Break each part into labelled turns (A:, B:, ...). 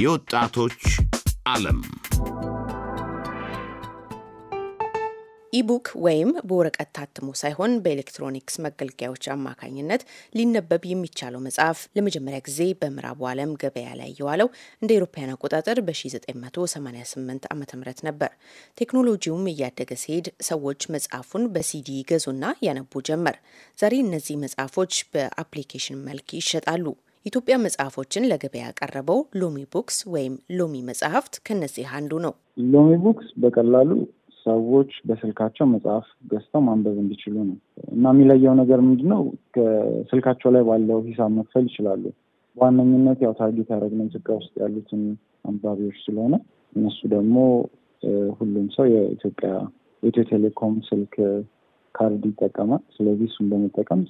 A: የወጣቶች ዓለም
B: ኢቡክ ወይም በወረቀት ታትሞ ሳይሆን በኤሌክትሮኒክስ መገልገያዎች አማካኝነት ሊነበብ የሚቻለው መጽሐፍ ለመጀመሪያ ጊዜ በምዕራቡ ዓለም ገበያ ላይ የዋለው እንደ አውሮፓውያን አቆጣጠር በ1988 ዓ ም ነበር። ቴክኖሎጂውም እያደገ ሲሄድ ሰዎች መጽሐፉን በሲዲ ገዙና ያነቡ ጀመር። ዛሬ እነዚህ መጽሐፎች በአፕሊኬሽን መልክ ይሸጣሉ። ኢትዮጵያ መጽሐፎችን ለገበያ ያቀረበው ሎሚ ቡክስ ወይም ሎሚ መጽሐፍት ከነዚህ አንዱ ነው።
C: ሎሚ ቡክስ በቀላሉ ሰዎች በስልካቸው መጽሐፍ ገዝተው ማንበብ እንዲችሉ ነው እና የሚለየው ነገር ምንድን ነው? ከስልካቸው ላይ ባለው ሂሳብ መክፈል ይችላሉ። በዋነኝነት ያው ታርጌት ያደረግነው ኢትዮጵያ ውስጥ ያሉትን አንባቢዎች ስለሆነ እነሱ ደግሞ ሁሉም ሰው የኢትዮጵያ የኢትዮ ቴሌኮም ስልክ ካርድ ይጠቀማል። ስለዚህ እሱን በመጠቀም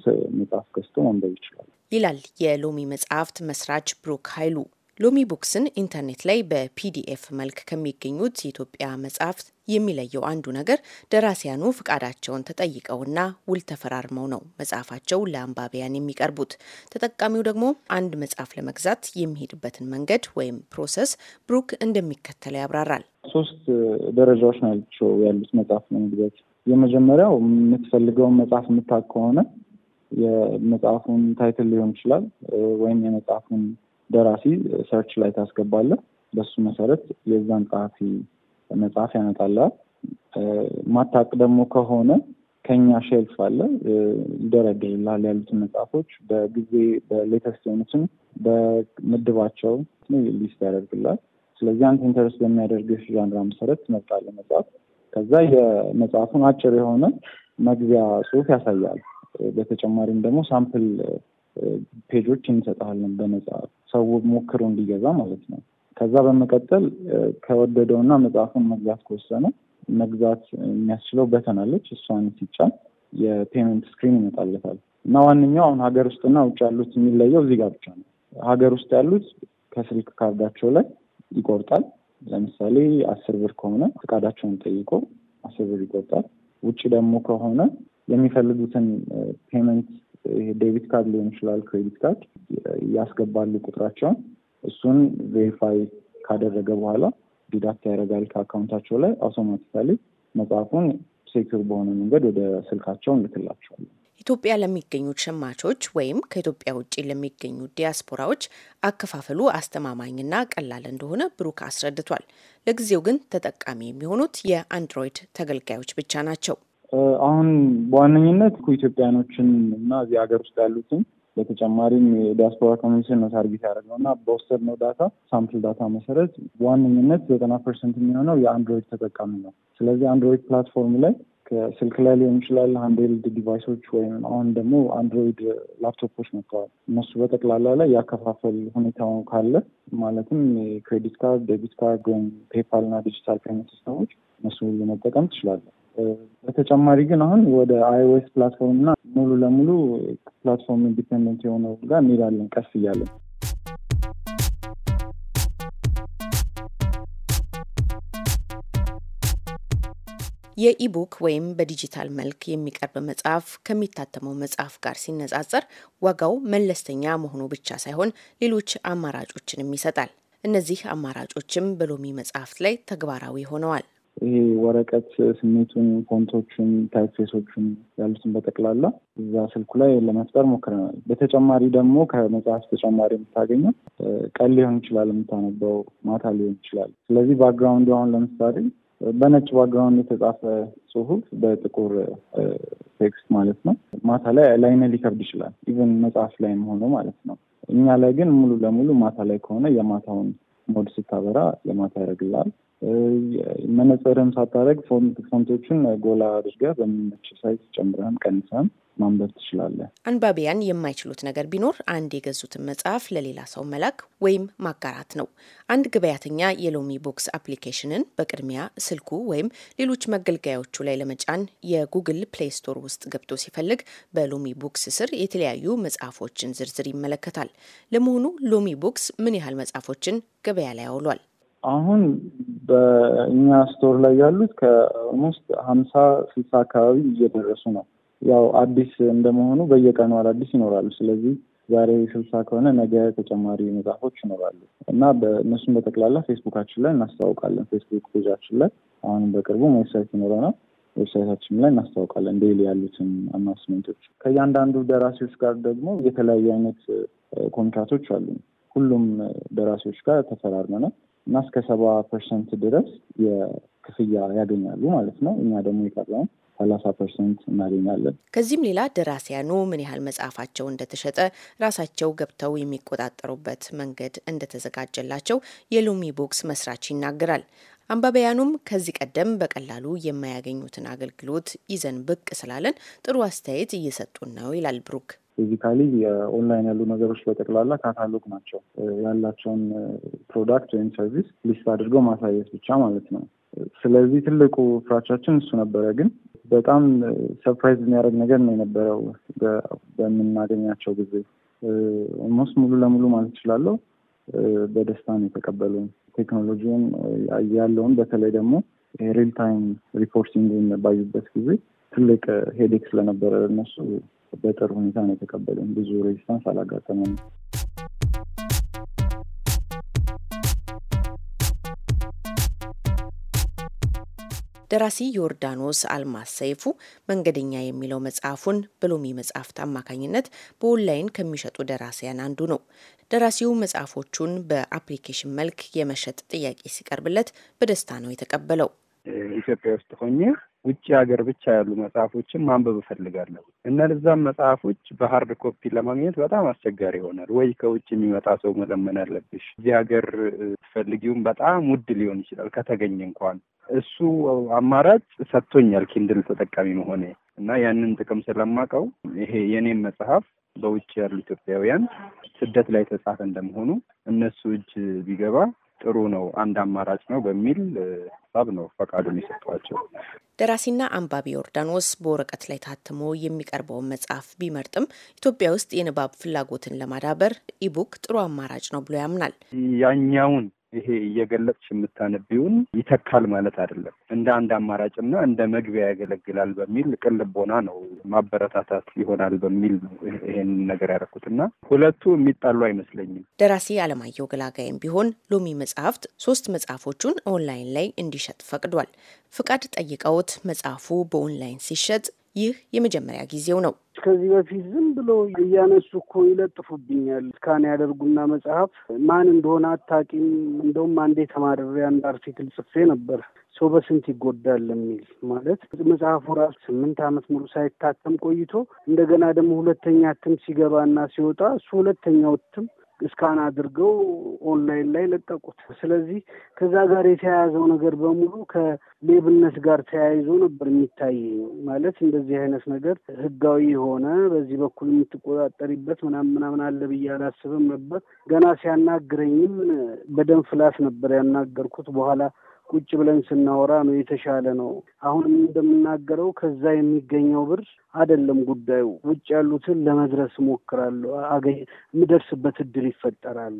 C: መጽሐፍ ገዝቶ ማንበብ ይችላል
B: ይላል የሎሚ መጽሐፍት መስራች ብሩክ ኃይሉ። ሎሚ ቡክስን ኢንተርኔት ላይ በፒዲኤፍ መልክ ከሚገኙት የኢትዮጵያ መጽሐፍት የሚለየው አንዱ ነገር ደራሲያኑ ፍቃዳቸውን ተጠይቀውና ውል ተፈራርመው ነው መጽሐፋቸው ለአንባቢያን የሚቀርቡት። ተጠቃሚው ደግሞ አንድ መጽሐፍ ለመግዛት የሚሄድበትን መንገድ ወይም ፕሮሰስ ብሩክ እንደሚከተለው ያብራራል።
C: ሶስት ደረጃዎች ናቸው ያሉት መጽሐፍ ለመግዛት የመጀመሪያው የምትፈልገውን መጽሐፍ የምታውቅ ከሆነ የመጽሐፉን ታይትል ሊሆን ይችላል ወይም የመጽሐፉን ደራሲ ሰርች ላይ ታስገባለህ። በሱ መሰረት የዛን ጸሐፊ መጽሐፍ ያመጣላል ማታቅ ደግሞ ከሆነ ከኛ ሼልፍ አለ ይደረደርላል ያሉትን መጽሐፎች በጊዜ በሌተስት የሆኑትን በምድባቸው ሊስት ያደርግላል ስለዚህ አንተ ኢንተረስት በሚያደርግሽ ዣንራ መሰረት ትመርጣለህ መጽሐፍ ከዛ የመጽሐፉን አጭር የሆነ መግቢያ ጽሁፍ ያሳያል። በተጨማሪም ደግሞ ሳምፕል ፔጆች እንሰጣለን በነጻ ሰው ሞክሮ እንዲገዛ ማለት ነው። ከዛ በመቀጠል ከወደደውና መጽሐፉን መግዛት ከወሰነ መግዛት የሚያስችለው በተን አለች። እሷን ሲጫን የፔመንት ስክሪን ይመጣለታል እና ዋነኛው አሁን ሀገር ውስጥና ውጭ ያሉት የሚለየው እዚህ ጋር ብቻ ነው። ሀገር ውስጥ ያሉት ከስልክ ካርዳቸው ላይ ይቆርጣል። ለምሳሌ አስር ብር ከሆነ ፍቃዳቸውን ጠይቆ አስር ብር ይቆጣል። ውጭ ደግሞ ከሆነ የሚፈልጉትን ፔመንት ዴቢት ካርድ ሊሆን ይችላል፣ ክሬዲት ካርድ ያስገባሉ ቁጥራቸውን። እሱን ቬሪፋይ ካደረገ በኋላ ዲዳክት ያደርጋል ከአካውንታቸው ላይ አውቶማቲካሊ መጽሐፉን ሴኩር በሆነ መንገድ ወደ ስልካቸው እንልክላቸዋለን።
B: ኢትዮጵያ ለሚገኙት ሸማቾች ወይም ከኢትዮጵያ ውጭ ለሚገኙ ዲያስፖራዎች አከፋፈሉ አስተማማኝና ቀላል እንደሆነ ብሩክ አስረድቷል። ለጊዜው ግን ተጠቃሚ የሚሆኑት የአንድሮይድ ተገልጋዮች ብቻ ናቸው።
C: አሁን በዋነኝነት ኢትዮጵያኖችን እና እዚህ ሀገር ውስጥ ያሉትን በተጨማሪም የዲያስፖራ ኮሚኒቲን ነው ታርጌት ያደረገው እና በወሰድ ነው ዳታ ሳምፕል ዳታ መሰረት በዋነኝነት ዘጠና ፐርሰንት የሚሆነው የአንድሮይድ ተጠቃሚ ነው። ስለዚህ አንድሮይድ ፕላትፎርም ላይ ከስልክ ላይ ሊሆን ይችላል ሃንድሄልድ ዲቫይሶች ወይም አሁን ደግሞ አንድሮይድ ላፕቶፖች መጥተዋል። እነሱ በጠቅላላ ላይ ያከፋፈል ሁኔታው ካለ ማለትም የክሬዲት ካርድ፣ ዴቢት ካርድ ወይም ፔፓል እና ዲጂታል ፔመንት ሲስተሞች እነሱ መጠቀም ትችላለን። በተጨማሪ ግን አሁን ወደ አይኦኤስ ፕላትፎርም እና ሙሉ ለሙሉ ፕላትፎርም ኢንዲፔንደንት የሆነው ጋር እንሄዳለን ቀስ እያለን
B: የኢቡክ ወይም በዲጂታል መልክ የሚቀርብ መጽሐፍ ከሚታተመው መጽሐፍ ጋር ሲነጻጸር ዋጋው መለስተኛ መሆኑ ብቻ ሳይሆን ሌሎች አማራጮችንም ይሰጣል። እነዚህ አማራጮችም በሎሚ መጽሐፍት ላይ ተግባራዊ ሆነዋል።
C: ይሄ ወረቀት ስሜቱን፣ ፎንቶቹን፣ ታይፕፌሶችን ያሉትን በጠቅላላ እዛ ስልኩ ላይ ለመፍጠር ሞክረናል። በተጨማሪ ደግሞ ከመጽሐፍ ተጨማሪ የምታገኘው ቀን ሊሆን ይችላል፣ የምታነበው ማታ ሊሆን ይችላል። ስለዚህ ባክግራውንድ አሁን ለምሳሌ በነጭ ባግራውንድ የተጻፈ ጽሁፍ በጥቁር ቴክስት ማለት ነው። ማታ ላይ ላይነ ሊከብድ ይችላል። ኢቨን መጽሐፍ ላይ ሆኖ ማለት ነው። እኛ ላይ ግን ሙሉ ለሙሉ ማታ ላይ ከሆነ የማታውን ሞድ ስታበራ የማታ ያደርግልሃል። መነጽርም ሳታደርግ ፎንቶቹን ጎላ አድርገህ በሚመች ሳይዝ ጨምረህም ቀንሰህም ማንበብ ትችላለህ።
B: አንባቢያን የማይችሉት ነገር ቢኖር አንድ የገዙትን መጽሐፍ ለሌላ ሰው መላክ ወይም ማጋራት ነው። አንድ ገበያተኛ የሎሚ ቦክስ አፕሊኬሽንን በቅድሚያ ስልኩ ወይም ሌሎች መገልገያዎቹ ላይ ለመጫን የጉግል ፕሌይ ስቶር ውስጥ ገብቶ ሲፈልግ በሎሚ ቦክስ ስር የተለያዩ መጽሐፎችን ዝርዝር ይመለከታል። ለመሆኑ ሎሚ ቦክስ ምን ያህል መጽሐፎችን ገበያ ላይ አውሏል?
C: አሁን በእኛ ስቶር ላይ ያሉት ከኦልሞስት ሀምሳ ስልሳ አካባቢ እየደረሱ ነው። ያው አዲስ እንደመሆኑ በየቀኑ አዳዲስ ይኖራሉ። ስለዚህ ዛሬ ስልሳ ከሆነ ነገ ተጨማሪ መጽሐፎች ይኖራሉ እና እነሱን በጠቅላላ ፌስቡካችን ላይ እናስታውቃለን። ፌስቡክ ፔጃችን ላይ አሁንም በቅርቡ ዌብሳይት ይኖረናል። ዌብሳይታችን ላይ እናስታውቃለን ዴይሊ ያሉትን አናውንስመንቶች። ከእያንዳንዱ ደራሲዎች ጋር ደግሞ የተለያዩ አይነት ኮንትራቶች አሉ። ሁሉም ደራሲዎች ጋር ተፈራርመናል እና እስከ ሰባ ፐርሰንት ድረስ ክፍያ ያገኛሉ ማለት ነው። እኛ ደግሞ የቀረውን ሰላሳ ፐርሰንት እናገኛለን።
B: ከዚህም ሌላ ደራሲያኑ ምን ያህል መጽሐፋቸው እንደተሸጠ ራሳቸው ገብተው የሚቆጣጠሩበት መንገድ እንደተዘጋጀላቸው የሎሚ ቦክስ መስራች ይናገራል። አንባቢያኑም ከዚህ ቀደም በቀላሉ የማያገኙትን አገልግሎት ይዘን ብቅ ስላለን ጥሩ አስተያየት እየሰጡን ነው ይላል ብሩክ።
C: ፊዚካሊ ኦንላይን ያሉ ነገሮች በጠቅላላ ካታሎግ ናቸው። ያላቸውን ፕሮዳክት ወይም ሰርቪስ ሊስት አድርገው ማሳየት ብቻ ማለት ነው። ስለዚህ ትልቁ ፍራቻችን እሱ ነበረ። ግን በጣም ሰርፕራይዝ የሚያደርግ ነገር ነው የነበረው በምናገኛቸው ጊዜ ኦልሞስት ሙሉ ለሙሉ ማለት ይችላለው በደስታ ነው የተቀበሉን። ቴክኖሎጂውን ያለውን በተለይ ደግሞ ሪል ታይም ሪፖርቲንግ ባዩበት ጊዜ ትልቅ ሄዴክ ስለነበረ እነሱ በጥር ሁኔታ ነው የተቀበሉን። ብዙ ሬዚስታንስ አላጋጠመ ነው
B: ደራሲ ዮርዳኖስ አልማስ ሰይፉ መንገደኛ የሚለው መጽሐፉን በሎሚ መጽሐፍት አማካኝነት በኦንላይን ከሚሸጡ ደራሲያን አንዱ ነው። ደራሲው መጽሐፎቹን በአፕሊኬሽን መልክ የመሸጥ ጥያቄ ሲቀርብለት በደስታ ነው የተቀበለው።
A: ኢትዮጵያ ውስጥ ሆኜ ውጭ ሀገር ብቻ ያሉ መጽሐፎችን ማንበብ እፈልጋለሁ። እነዛም መጽሐፎች በሀርድ ኮፒ ለማግኘት በጣም አስቸጋሪ ይሆናል። ወይ ከውጭ የሚመጣ ሰው መለመን አለብሽ። እዚህ ሀገር ፈልጊውም በጣም ውድ ሊሆን ይችላል ከተገኘ እንኳን እሱ አማራጭ ሰጥቶኛል ኪንድል ተጠቃሚ መሆኔ እና ያንን ጥቅም ስለማውቀው ይሄ የኔም መጽሐፍ በውጭ ያሉ ኢትዮጵያውያን ስደት ላይ ተጻፈ እንደመሆኑ እነሱ እጅ ቢገባ ጥሩ ነው፣ አንድ አማራጭ ነው በሚል ሀሳብ ነው ፈቃዱን የሰጧቸው።
B: ደራሲና አንባቢ ዮርዳኖስ በወረቀት ላይ ታትሞ የሚቀርበውን መጽሐፍ ቢመርጥም ኢትዮጵያ ውስጥ የንባብ ፍላጎትን ለማዳበር ኢቡክ ጥሩ አማራጭ ነው ብሎ ያምናል።
A: ያኛውን ይሄ እየገለጽሽ የምታነቢውን ይተካል ማለት አይደለም። እንደ አንድ አማራጭና እንደ መግቢያ ያገለግላል በሚል ቅን ልቦና ነው ማበረታታት ይሆናል በሚል ነው ይሄን ነገር ያደረኩትና ሁለቱ የሚጣሉ አይመስለኝም።
B: ደራሲ አለማየሁ ገላጋይም ቢሆን ሎሚ መጽሐፍት ሶስት መጽሐፎቹን ኦንላይን ላይ እንዲሸጥ ፈቅዷል። ፍቃድ ጠይቀውት መጽሐፉ በኦንላይን ሲሸጥ ይህ የመጀመሪያ ጊዜው ነው።
D: ከዚህ በፊት ዝም ብሎ እያነሱ እኮ ይለጥፉብኛል። እስካን ያደርጉና መጽሐፍ ማን እንደሆነ አታቂም። እንደውም አንዴ ተማርሬ አንድ አርቲክል ጽፌ ነበር ሰው በስንት ይጎዳል የሚል ማለት መጽሐፉ ራሱ ስምንት ዓመት ሙሉ ሳይታተም ቆይቶ እንደገና ደግሞ ሁለተኛ እትም ሲገባና ሲወጣ እሱ ሁለተኛው እትም እስካን አድርገው ኦንላይን ላይ ለቀቁት። ስለዚህ ከዛ ጋር የተያያዘው ነገር በሙሉ ከሌብነት ጋር ተያይዞ ነበር የሚታይ ማለት እንደዚህ አይነት ነገር ህጋዊ የሆነ በዚህ በኩል የምትቆጣጠሪበት ምናምን ምናምን አለ ብዬ አላስብም ነበር። ገና ሲያናግረኝም በደም ፍላስ ነበር ያናገርኩት በኋላ ቁጭ ብለን ስናወራ ነው የተሻለ ነው። አሁን እንደምናገረው ከዛ የሚገኘው ብር አይደለም ጉዳዩ። ውጭ ያሉትን ለመድረስ እሞክራለሁ፣ የምደርስበት እድል ይፈጠራል።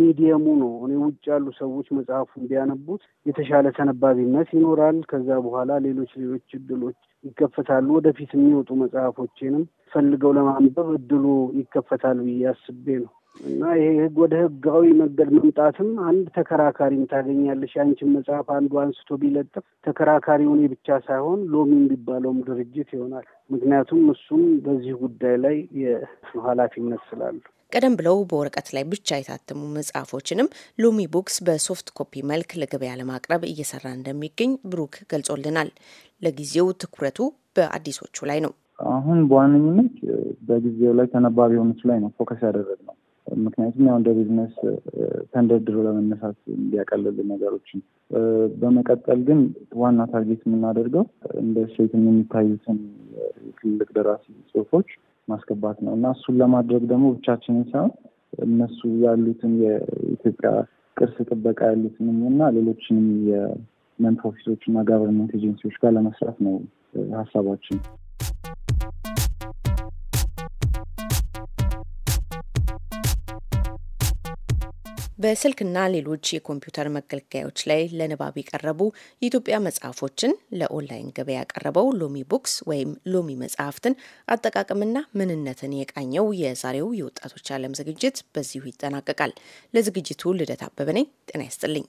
D: ሚዲየሙ ነው። እኔ ውጭ ያሉ ሰዎች መጽሐፉን ቢያነቡት የተሻለ ተነባቢነት ይኖራል። ከዛ በኋላ ሌሎች ሌሎች እድሎች ይከፈታሉ። ወደፊት የሚወጡ መጽሐፎቼንም ፈልገው ለማንበብ እድሉ ይከፈታል ብዬ አስቤ ነው። እና ይሄ ህግ ወደ ህጋዊ መንገድ መምጣትም አንድ ተከራካሪም ታገኛለሽ። የአንችን መጽሐፍ አንዱ አንስቶ ቢለጥፍ ተከራካሪ እኔ ብቻ ሳይሆን ሎሚ የሚባለውም ድርጅት ይሆናል። ምክንያቱም እሱም በዚህ ጉዳይ ላይ ኃላፊነት ስላሉ
B: ቀደም ብለው በወረቀት ላይ ብቻ የታተሙ መጽሐፎችንም ሎሚ ቡክስ በሶፍት ኮፒ መልክ ለገበያ ለማቅረብ እየሰራ እንደሚገኝ ብሩክ ገልጾልናል። ለጊዜው ትኩረቱ በአዲሶቹ ላይ ነው። አሁን
C: በዋነኝነት በጊዜው ላይ ተነባቢ የሆኑት ላይ ነው ፎከስ ያደረግነው። ምክንያቱም ያው እንደ ቢዝነስ ተንደርድሮ ለመነሳት እንዲያቀልል ነገሮችን በመቀጠል ግን ዋና ታርጌት የምናደርገው እንደ ሴት የሚታዩትን ትልቅ ደራሲ ጽሁፎች ማስገባት ነው እና እሱን ለማድረግ ደግሞ ብቻችንን ሳይሆን እነሱ ያሉትን የኢትዮጵያ ቅርስ ጥበቃ ያሉትንም እና ሌሎችንም የመንት ኦፊሶች እና ጋቨርንመንት ኤጀንሲዎች ጋር ለመስራት ነው ሀሳባችን።
B: በስልክና ሌሎች የኮምፒውተር መገልገያዎች ላይ ለንባብ የቀረቡ የኢትዮጵያ መጽሐፎችን ለኦንላይን ገበያ ያቀረበው ሎሚ ቡክስ ወይም ሎሚ መጽሐፍትን አጠቃቀምና ምንነትን የቃኘው የዛሬው የወጣቶች ዓለም ዝግጅት በዚሁ ይጠናቀቃል። ለዝግጅቱ ልደት አበበ ነኝ። ጤና ይስጥልኝ።